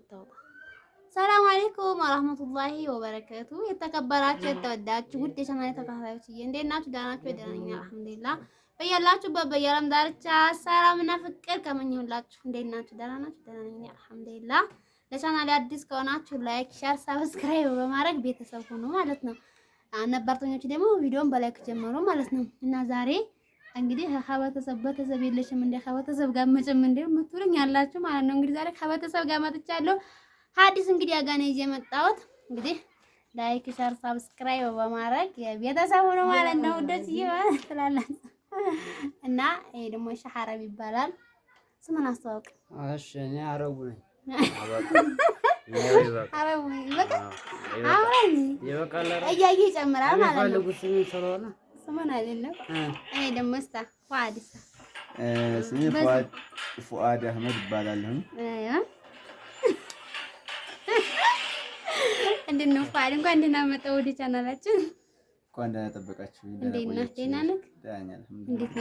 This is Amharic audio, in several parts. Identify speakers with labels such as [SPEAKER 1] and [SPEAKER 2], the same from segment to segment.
[SPEAKER 1] አታውጣ። ሰላም አለይኩም ወራህመቱላሂ ወበረከቱ። የተከበራችሁ የተወዳችሁ ውድ የቻናሌ ተከታታዮች እንዴት ናችሁ? ደህና ናችሁ? ደህና ነኝ አልሐምዱሊላህ። በያላችሁበት በየዓለም ዳርቻ ፍቅር ከመኘሁላችሁ። እንዴት ናችሁ? ደህና ናችሁ? ደህና ነኝ አልሐምዱሊላህ። ለቻናሌ አዲስ ከሆናችሁ ላይክ፣ ሼር፣ ሰብስክራይብ በማድረግ ቤተሰብ ሆኖ ማለት ነው። ነባርተኞቹ ደግሞ ቪዲዮን በላይክ ጀመሩ ማለት ነው እና ዛሬ እንግዲህ ከቤተሰብ ቤተሰብ የለሽም እንደ ከቤተሰብ ጋር መጭም እንደ የምትሉኝ ያላችሁ ማለት ነው። እንግዲህ ዛሬ ከቤተሰብ ጋር መጥቻለሁ። ሀዲስ እንግዲህ ያጋነ ይዤ መጣሁት። እንግዲህ ላይክ፣ ሸር፣ ሳብስክራይብ በማድረግ ቤተሰብ ሆኖ ማለት ነው። ደስ ይላል ትላላችሁ እና ይሄ ደግሞ ሻሐረብ ይባላል። ስምን አስተዋውቅ።
[SPEAKER 2] እሺ እኔ አረቡ ነኝ። አረቡ
[SPEAKER 1] ይበቃል። አሁን እያየ ይጨምራል ማለት
[SPEAKER 2] ነው። ስሙን ስሜ ፉአድ አህመድ እባላለሁ።
[SPEAKER 1] እንዴት ነው ፉአድ? እንኳን ደህና መጣህ ወደ ቻናላችን።
[SPEAKER 2] እንኳን ደህና ጠበቃችሁ።
[SPEAKER 1] እንዴት ነው ኢትዮጵያ? እንዴት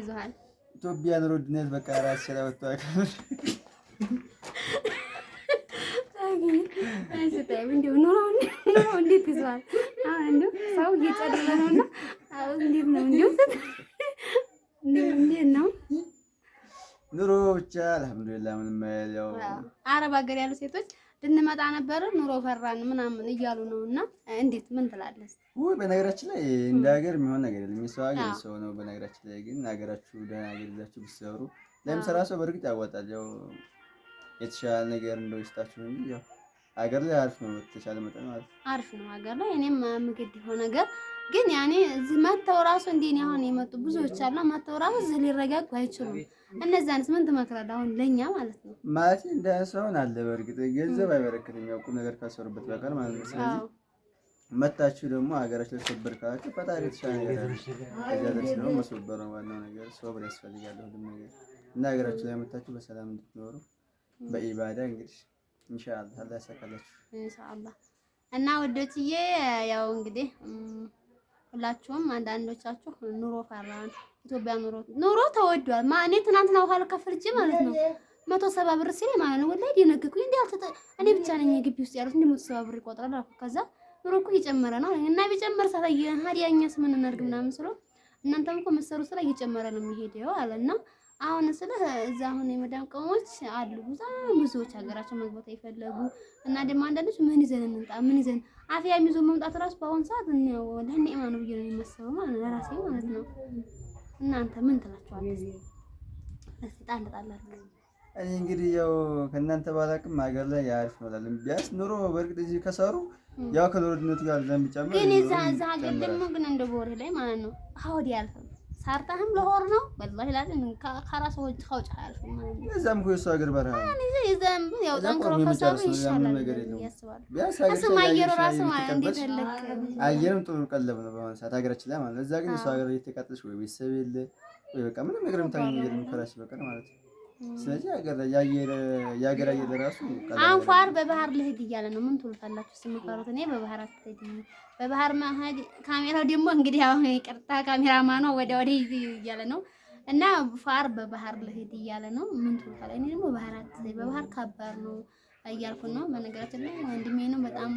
[SPEAKER 1] ይዞሃል? ኢትዮጵያ
[SPEAKER 2] ኑሮ ውድነት በቃ ራስ ላይ እንዴት ይዞሃል?
[SPEAKER 1] አሁን እንደው ሰው እየጨረረ እንዴት ነው? እንዴት ነው
[SPEAKER 2] ኑሮ? ብቻ አልሐምዱሊላህ ምንም
[SPEAKER 1] ያለው አረብ ሀገር ያሉ ሴቶች ልንመጣ ነበር ኑሮ ፈራን ምናምን እያሉ ነው። እና እንዴት ምን
[SPEAKER 2] ትላለህ? ውይ በነገራችን ላይ እንደ ሀገር የሚሆን ነገር የለም። የሰው ሀገር ሰው ነው። በነገራችን ላይ ግን ሀገራችሁ ደህና ሀገር ይዛችሁ ብትሰሩ ለሚሰራ ሰው በእርግጥ ያዋጣል። ያው የተሻለ ነገር እንደው ይስጣችሁ እንጂ ያው ሀገር ላይ አሪፍ ነው። የተሻለ መጠን ማለት አሪፍ ነው
[SPEAKER 1] ሀገር ላይ እኔም ምግድ የሆነ ነገር ግን ያኔ መተው ራሱ እንዴ ነው አሁን የመጡ ብዙዎች አሉ። መተው ራሱ እዚህ ሊረጋጉ አይችሉም። እነዛንስ ምን ትመክራለህ? አሁን ለኛ ማለት ነው
[SPEAKER 2] ማለት እንደ ሰውን አለ። በእርግጥ ገንዘብ አይበረክትም የሚያውቁ ነገር ካሰሩበት በቀር ማለት ነው። ስለዚህ መታችሁ ደግሞ ሀገራችሁ ለሰብር ካላችሁ ፈጣሪ የተሻለ ነገር ያደርስ ነው። መስበር ነው ዋናው ነገር። ሶብር ያስፈልጋል ሁሉም ነገር እና ሀገራችሁ ላይ መታችሁ በሰላም እንድትኖሩ በኢባዳ እንግዲህ ኢንሻአላህ አላህ ያሳካላችሁ
[SPEAKER 1] ኢንሻአላህ እና ወዶችዬ ያው እንግዲህ ሁላችሁም አንዳንዶቻችሁ ኑሮ ፈራን። ኢትዮጵያ ኑሮ ኑሮ ተወዷል። እኔ ትናንትና ውሃ ልከፍልጄ ማለት ነው መቶ ሰባ ብር ሲል ማለት ነው ወላሂ ደነገኩኝ። እንዴ አልተጠ እኔ ብቻ ነኝ የግቢ ውስጥ ያሉት እንዴ መቶ ሰባ ብር ይቆጥራል አልኩ። ከዛ ኑሮ እኮ እየጨመረ ነው እና ቢጨመር ሳታየ ሀዲያኛስ ምን እናድርግ ምናምን ስለው እናንተም እኮ መሰሩ ስራ እየጨመረ ነው የሚሄደው አለና አሁን ስለ እዛ አሁን የመዳም ቀሞች አሉ በጣም ብዙዎች ሀገራቸው መግባት አይፈለጉ እና ደግሞ አንዳንዶች ምን ይዘን እንምጣ ምን ይዘን አፍያ ይዞ መምጣት ራሱ በአሁኑ ሰዓት ነው ለኔማ ነው ብዬ ነው የማስበው ማለት ነው፣ ለራሴ ማለት ነው። እናንተ ምን ትላችኋለህ? እስቲ ጣል ጣል እኔ እንግዲህ ያው
[SPEAKER 2] ከእናንተ ባላቅም ሀገር ላይ አሪፍ ነው እላለሁ። ቢያንስ ኑሮ በእርግጥ እዚህ ከሰሩ ያው ከኑሮ ድነቱ ጋር ለሚጨምር ግን
[SPEAKER 1] እዛ እዛ ሀገር ደግሞ ግን እንደ ቦሬ ላይ ማለት ነው አውዲ ያልፍም ሳርታህም ለሆር ነው ወላሂ ላዚም ከራስ ሰዎች ካውጭ አያልፍም ማለት ነው። እዛም እኮ
[SPEAKER 2] የእሱ ሀገር በረሃ ነው
[SPEAKER 1] ሲዘንብ አየርም ጥሩ ቀለብ ነው
[SPEAKER 2] በማንሳት ሀገራችን ላይ ማለት እዛ ግን እሱ ሀገር እየተቃጠለች ወይ ቤተሰብ የለ ወይ በቃ ምንም ነገር የምታገኘው ከራስሽ በቀር ማለት ነው። ስለዚህ የሀገር አየር ራሱ አንኳር
[SPEAKER 1] በባህር ልሂድ እያለ ነው። ምን ትሉታላችሁ? ስምፈሩት እኔ በባህር አትሄድ በባህር መሄድ ካሜራው ደግሞ እንግዲህ አሁን ይቅርታ ካሜራማ ነው ወደ ወደ እያለ ነው እና ፋር በባህር ልሂድ እያለ ነው። ምን ትሉታል? እኔ ደግሞ ባህር አትሄድ፣ በባህር ከባድ ነው እያልኩ ነው። በነገራችን ላይ ወንድሜ ነው በጣም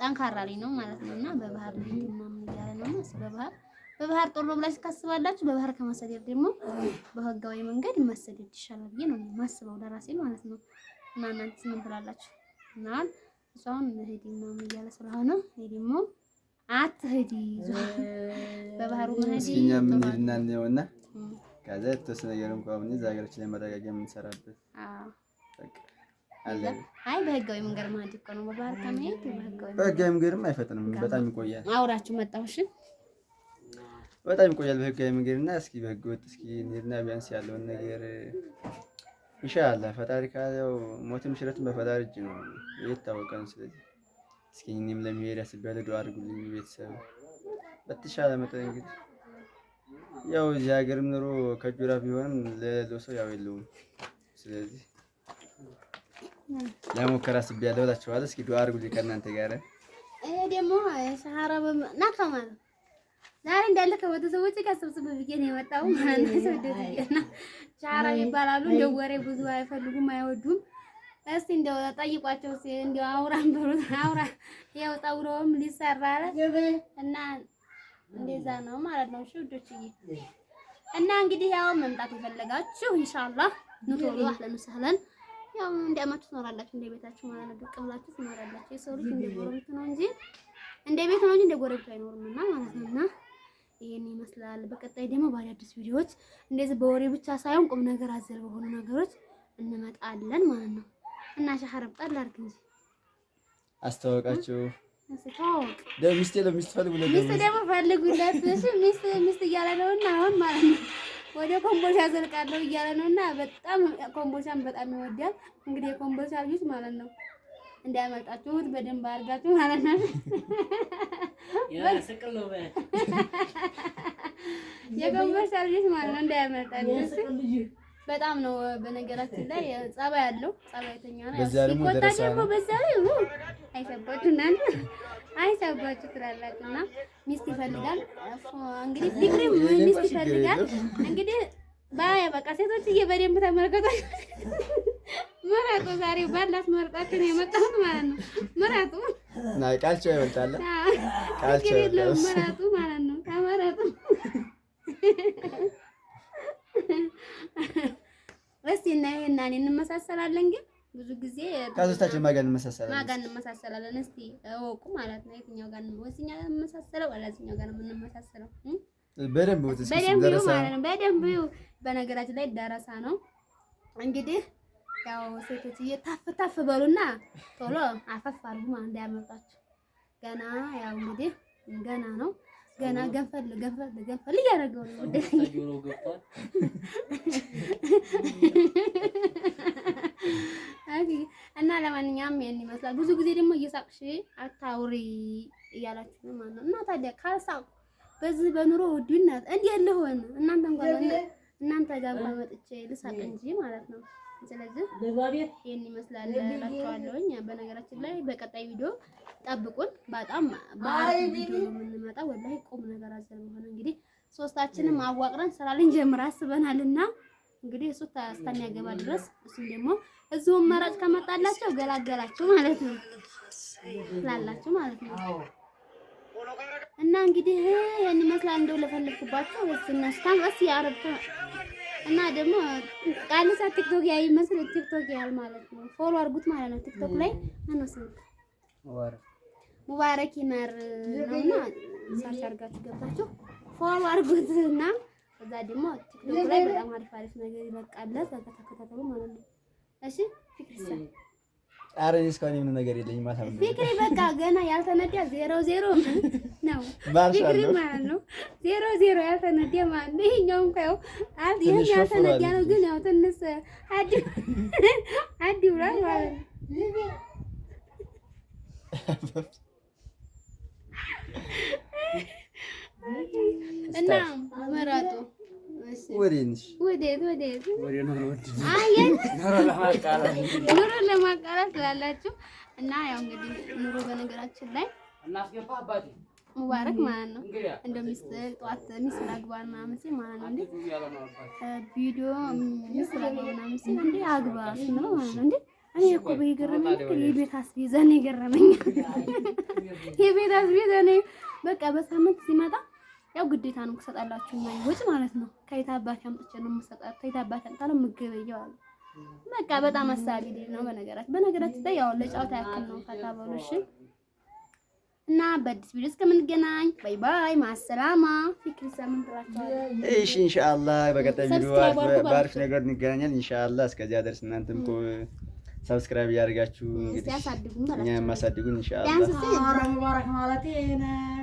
[SPEAKER 1] ጠንካራ ላይ ነው ማለት ነው። እና በባህር ልሂድ ምናምን እያለ ነው። በባህር በባህር ጦር ነው ብላችሁ ካስባላችሁ በባህር ከመሰደድ ደግሞ በህጋዊ መንገድ መሰደድ ይሻላል ብዬ ነው ማስበው ለራሴ ማለት ነው። እና እናንተ ምን ትላላችሁ? እና እሷን ሂድ ምናምን እያለ ስለሆነ ይሄ ደግሞ አትሂድ በባህሩ መሀል እስኪ እኛም
[SPEAKER 2] እንሂድና እንየውና ከዛ የተወሰነ ነገር እንኳን ብንይዝ ሀገራችን ላይ መረጋጊያ የምንሰራበት
[SPEAKER 1] አይ በህጋዊ መንገድ መሄድ እኮ ነው። በባህር ከመሄድ በህጋዊ
[SPEAKER 2] መንገድም አይፈጥንም፣ በጣም ይቆያል። አውራችሁ መጣሁሽ፣ በጣም ይቆያል በህጋዊ መንገድና እስኪ በህገ ወጥ እስኪ እንሂድና ቢያንስ ያለውን ነገር ኢንሻአላህ ፈጣሪ ካለው ሞትም ሽረትም በፈጣሪ እጅ ነው የታወቀ ስለዚህ እስኪ እኔም ለመሄድ አስቤያለሁ። ዱአ አድርጉልኝ ቤተሰብ በተሻለ መጠን እንግዲህ ያው እዚህ ሀገርም ኑሮ ከጆራ ቢሆንም ለሌለው ሰው ያው የለውም። ስለዚህ ለሞከራ ስብ ያለው እላቸዋለሁ። እስኪ ዱአ አድርጉልኝ ከእናንተ ጋር።
[SPEAKER 1] ይሄ ደግሞ ሰሃራ ናካ ማለት ዛሬ እንዳለ ከቤተሰቦቼ ጋር ሰብስብ ብዬ ነው የመጣው ማለት ነው። ሰደትና ሰሐራ ይባላሉ። እንደው ወሬ ብዙ አይፈልጉም፣ አይወዱም። እስቲ እንደው ጠይቋቸው፣ እስቲ እንደው አውራን ብሩ አውራ ያው ጠውሮም ሊሰራ እና እንደዛ ነው ማለት ነው። እሺ ውዶችዬ እና እንግዲህ ያው መምጣት የፈለጋችሁ ኢንሻአላህ ኑቶሎ አህለን ወሰህለን ያው እንደማችሁ አማችሁ ትኖራላችሁ፣ እንደ ቤታችሁ ማለት ነው። ብቅ ብላችሁ ትኖራላችሁ። የሰው ልጅ እንደ ጎረቤት ነው እንጂ እንደ ቤት ነው እንጂ እንደ ጎረቤት አይኖርም እና ማለት ነውና ይሄን ይመስላል። በቀጣይ ደግሞ አዲስ ቪዲዮዎች እንደዚህ በወሬ ብቻ ሳይሆን ቁም ነገር አዘል በሆኑ ነገሮች እንመጣለን ማለት ነው እና ሻሐረብ ጣል አድርግ እንጂ
[SPEAKER 2] አስተዋወቃችሁ ሚስቴ ለሚስት ፈልጉ ሚስት ደግሞ ፈልጉለት።
[SPEAKER 1] እሺ ሚስት ሚስት እያለ ነው እና አሁን ማለት ነው ወደ ኮምቦልቻ ዘልቃለሁ እያለ ነው እና በጣም ኮምቦልቻን በጣም ይወዳል። እንግዲህ የኮምቦልቻ ልጆች ማለት ነው እንዳያመልጣችሁት በደንብ አድርጋችሁ ማለት ነው። የኮምቦልቻ ልጆች ማለት ነው እንዳያመልጣችሁ። በጣም ነው በነገራችን ላይ ጸባይ አለው፣ ጸባይተኛ ነው። ሲቆጣ ደግሞ በዛ ላይ አይሰባችሁናል አይሰባችሁ ትላላችሁ እና ሚስት ይፈልጋል እንግዲህ ዲግሪ ሚስት ይፈልጋል እንግዲህ ባያ በቃ ሴቶችዬ በደንብ ተመልከቷል። ምረጡ። ዛሬ ባላት መርጣችን የመጣሁት ማለት ነው። ምረጡ ናይ ቃልቸው
[SPEAKER 2] ይመጣለ ቃልቸው
[SPEAKER 1] ምረጡ ማለት ነው። ተመረጡ። እስቲ እና ይሄና እኔ እንመሳሰላለን ግን ብዙ ጊዜ ከሶስታችን
[SPEAKER 2] ማን ጋር እንመሳሰላለን? ማን ጋር እንመሳሰላለን?
[SPEAKER 1] እስቲ እወቁ ማለት ነው። የትኛው ጋር ነው ወስኛ ጋር እንመሳሰለው አላዝኛው ጋር ነው የምንመሳሰለው በደንብ ወጥስ ደረሳ ነው። በደንብ በነገራችን ላይ ደረሳ ነው እንግዲህ ያው ሴቶች እየታፍ ታፍ በሉና ቶሎ አፈፋሉ አድርጉ እንዳያመልጣችሁ። ገና ያው እንግዲህ ገና ነው። ገና ገንፈል ገንፈል ገንፈል እያደረገው ነው። እና ለማንኛውም ያን ይመስላል። ብዙ ጊዜ ደግሞ እየሳቅሽ አታውሪ እያላችሁ ነው ማለት ነው። እና ታዲያ ካልሳቅ በዚህ በኑሮ ውድነት እንዴት ልሆን? እናንተ እንኳን እናንተ ጋር መጥቼ ልሳቅ እንጂ ማለት ነው። ስለዚህ ይህን ይመስላል እላችኋለሁኝ። በነገራችን ላይ በቀጣይ ቪዲዮ ጠብቁን። በጣም ቪዲዮ የምንመጣ ወላሂ ቁም ነገር አዘል በሆነ እንግዲህ ሶስታችንም አዋቅረን ስራ ልንጀምር አስበናልና እንግዲህ እሱ እስከሚያገባ ድረስ እሱም ደግሞ እዚሁ መራጭ ከመጣላቸው ገላገላቸው ማለት ነው ላላቸው ማለት ነው። እና እንግዲህ ይሄን ይመስላል እንደው ለፈለግኩባቸው ስነስታም እስ የአረብታ እና ደግሞ ቃልሳ ቲክቶክ ያይ መስል ቲክቶክ ያል ማለት ነው። ፎሎ አድርጉት ማለት ነው። ቲክቶክ ላይ አነሰም ሙባረክ ይመር ነውና ሰርች ገባችሁ ገብታችሁ ፎሎ አድርጉት እና እዛ ደግሞ ቲክቶክ ላይ በጣም አሪፍ አሪፍ ነገር ይለቃል። እዛ ተከታተሉ ማለት ነው። እሺ ፍቅር
[SPEAKER 2] ኧረ እኔ እስካሁን የምን ነገር የለኝም። ፍቅሪ
[SPEAKER 1] በቃ ገና ያልተነዳ ዜሮ ዜሮ ነው ፍቅሪ ማለት ነው። ዜሮ ዜሮ ያልተነዳ ማለት ነው። ይሄኛው እንኳን ያው ይሄን ያልተነዳ ነው፣ ግን ያው ትንሽ አዲ አዲ ብሏል ማለት ነው። እና መራጦ ኑሮ ለማቃላት ስላላችሁ እና ያው እንግዲህ ኑሮ በነገራችን ላይ ሙባረክ ማለት ነው። እንደው ሚስት ጠዋት ሚስት ላግባ ምናምን ሲል ማለት ነው እንደ ቪዲዮ ሚስት ላግባ ምናምን ሲል እንደ አግባ ስንለው ማለት ነው እንደ እኔ እኮ የገረመኝ የቤት አስቤዛ ነው የገረመኝ የቤት አስቤዛ ነው በቃ በሳምንት ሲመጣ ያው ግዴታ ነው ከሰጣላችሁ እና ወጭ ማለት ነው። ከየት አባቴ አምጥቼ ነው የምሰጣት? ከየት አባቴ አምጣ ነው የምገበየው አሉ። በቃ በጣም አሳቢ ልጅ ነው። በነገራችን በነገራችን ላይ ያው ለጨዋታ ያክል ነው። ፈታ እሺ። እና በአዲስ ቪዲዮ እስከምንገናኝ ባይ ባይ፣ ማሰላማ። ፊክሪ ሰምን ትራቻለህ።
[SPEAKER 2] እሺ ኢንሻአላህ በቀጣይ ቪዲዮ ባሪፍ ነገር እንገናኛለን ኢንሻአላህ። እስከዚያ ድረስ እናንተም እኮ ሰብስክራይብ ያደርጋችሁ እንግዲህ ማለት እኛ ማሳድጉን
[SPEAKER 1] ኢንሻአላህ